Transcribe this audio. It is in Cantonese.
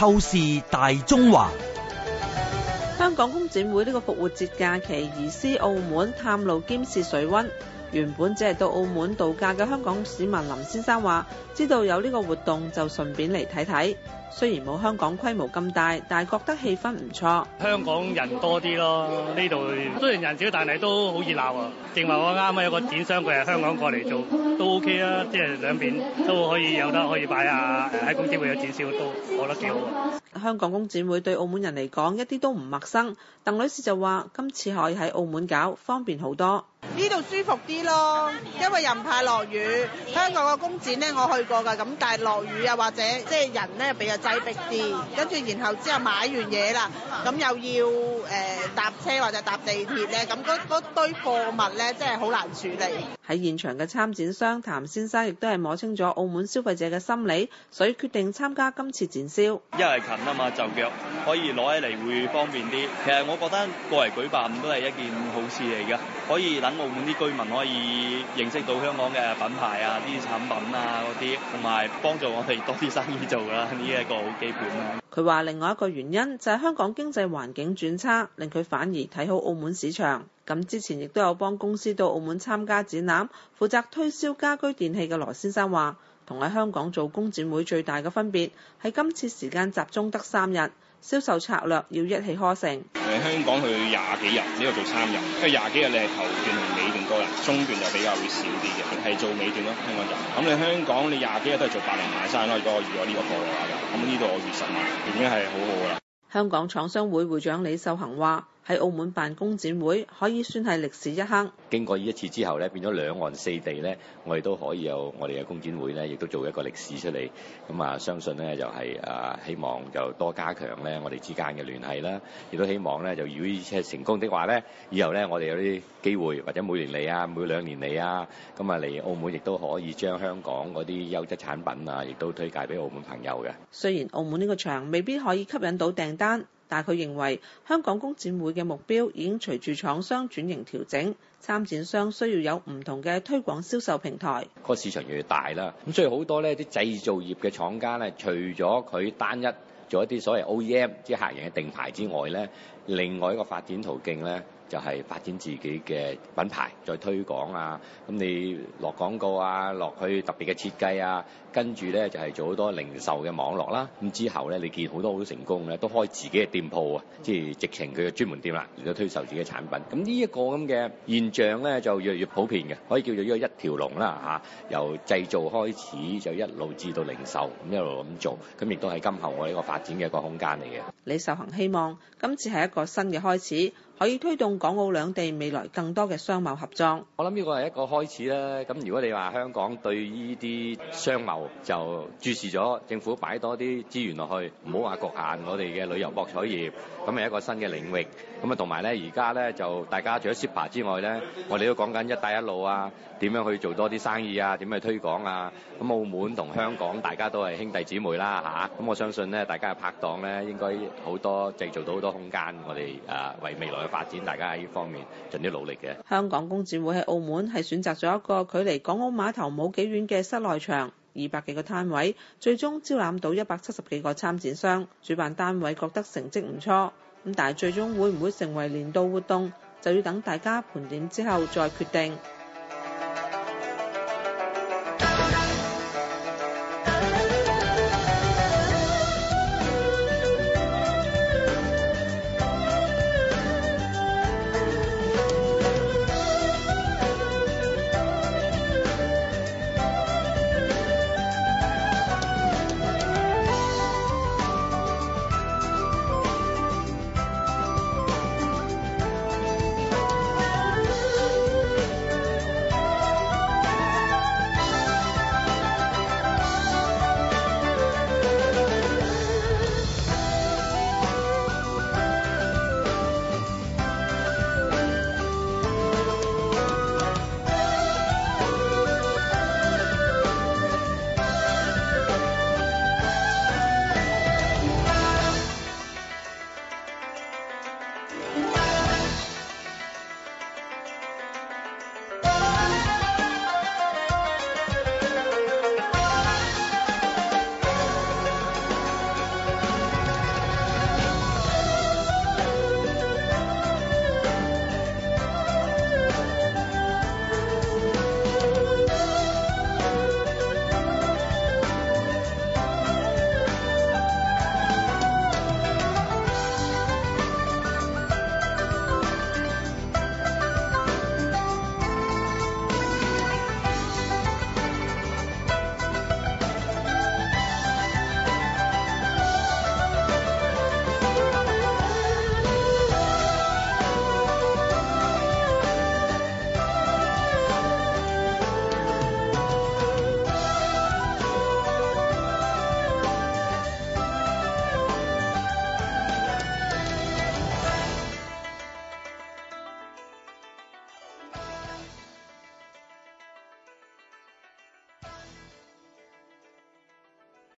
透視大中華，香港工展會呢個復活節假期移師澳門探路，兼試水温。原本只係到澳門度假嘅香港市民林先生話，知道有呢個活動就順便嚟睇睇。雖然冇香港規模咁大，但係覺得氣氛唔錯。香港人多啲咯，呢度雖然人少，但係都好熱鬧啊！正話我啱啱有個展商佢係香港過嚟做都 OK 啊，即係兩邊都可以有得可以擺啊！喺工展會有展銷都覺得幾好啊！香港工展會對澳門人嚟講一啲都唔陌生。鄧女士就話：今次可以喺澳門搞，方便好多。呢度舒服啲咯，因為唔怕落雨。香港個工展呢，我去過㗎，咁但係落雨啊，或者即係人呢，比較……」擠迫啲，跟住然後之後買完嘢啦，咁又要誒搭車或者搭地鐵咧，咁嗰嗰堆貨物咧，真係好難處理。喺現場嘅參展商譚先生亦都係摸清咗澳門消費者嘅心理，所以決定參加今次展銷。因為近啊嘛，就腳可以攞起嚟會方便啲。其實我覺得過嚟舉辦都係一件好事嚟嘅，可以等澳門啲居民可以認識到香港嘅品牌啊、啲產品啊嗰啲，同埋幫助我哋多啲生意做㗎啦。呢～佢話：另外一個原因就係香港經濟環境轉差，令佢反而睇好澳門市場。咁之前亦都有幫公司到澳門參加展覽，負責推銷家居電器嘅羅先生話：同喺香港做工展會最大嘅分別係今次時間集中得三日，銷售策略要一氣呵成。香港去廿幾日，呢度做三日，即係廿幾日你係頭段同尾段多人。中段就比較會少啲嘅，定係做尾段咯，香港就，咁你香港你廿幾日都係做八零買單咯，如果我預咗呢個貨嘅話，咁呢度我預十萬，已經係好好啦。香港廠商會會長李秀恒話。喺澳門辦工展會可以算係歷史一刻。經過呢一次之後咧，變咗兩岸四地咧，我哋都可以有我哋嘅工展會咧，亦都做一個歷史出嚟。咁啊，相信咧就係啊，希望就多加強咧我哋之間嘅聯繫啦。亦都希望咧就如果即係成功的話咧，以後咧我哋有啲機會或者每年嚟啊，每兩年嚟啊，咁啊嚟澳門亦都可以將香港嗰啲優質產品啊，亦都推介俾澳門朋友嘅。雖然澳門呢個場未必可以吸引到訂單。但係佢認為香港工展會嘅目標已經隨住廠商轉型調整，參展商需要有唔同嘅推廣銷售平台。個市場越大啦，咁所以好多咧啲製造業嘅廠家咧，除咗佢單一。做一啲所謂 OEM 即係客人嘅定牌之外咧，另外一個發展途徑咧就係、是、發展自己嘅品牌，再推廣啊，咁你落廣告啊，落去特別嘅設計啊，跟住咧就係、是、做好多零售嘅網絡啦。咁之後咧，你見好多好多成功咧都開自己嘅店鋪啊，即係直情佢嘅專門店啦，嚟到推售自己嘅產品。咁呢一個咁嘅現象咧就越嚟越普遍嘅，可以叫做呢個一條龍啦吓、啊，由製造開始就一路至到零售，咁一路咁做，咁亦都係今後我呢個發展展嘅一個空間嚟嘅。李秀恒希望今次係一個新嘅開始。可以推動港澳兩地未來更多嘅商貿合作。我諗呢個係一個開始啦。咁如果你話香港對呢啲商貿就注視咗，政府擺多啲資源落去，唔好話局限我哋嘅旅遊博彩業。咁係一個新嘅領域。咁啊同埋咧，而家咧就大家除咗 CEPA 之外咧，我哋都講緊一帶一路啊，點樣去做多啲生意啊，點樣去推廣啊。咁澳門同香港大家都係兄弟姊妹啦吓，咁我相信咧，大家嘅拍檔咧應該好多製造到好多空間我、啊。我哋啊為未來。發展大家喺呢方面盡啲努力嘅。香港工展會喺澳門係選擇咗一個距離港澳碼頭冇幾遠嘅室內場，二百幾個攤位，最終招攬到一百七十幾個參展商。主辦單位覺得成績唔錯，咁但係最終會唔會成為年度活動，就要等大家盤點之後再決定。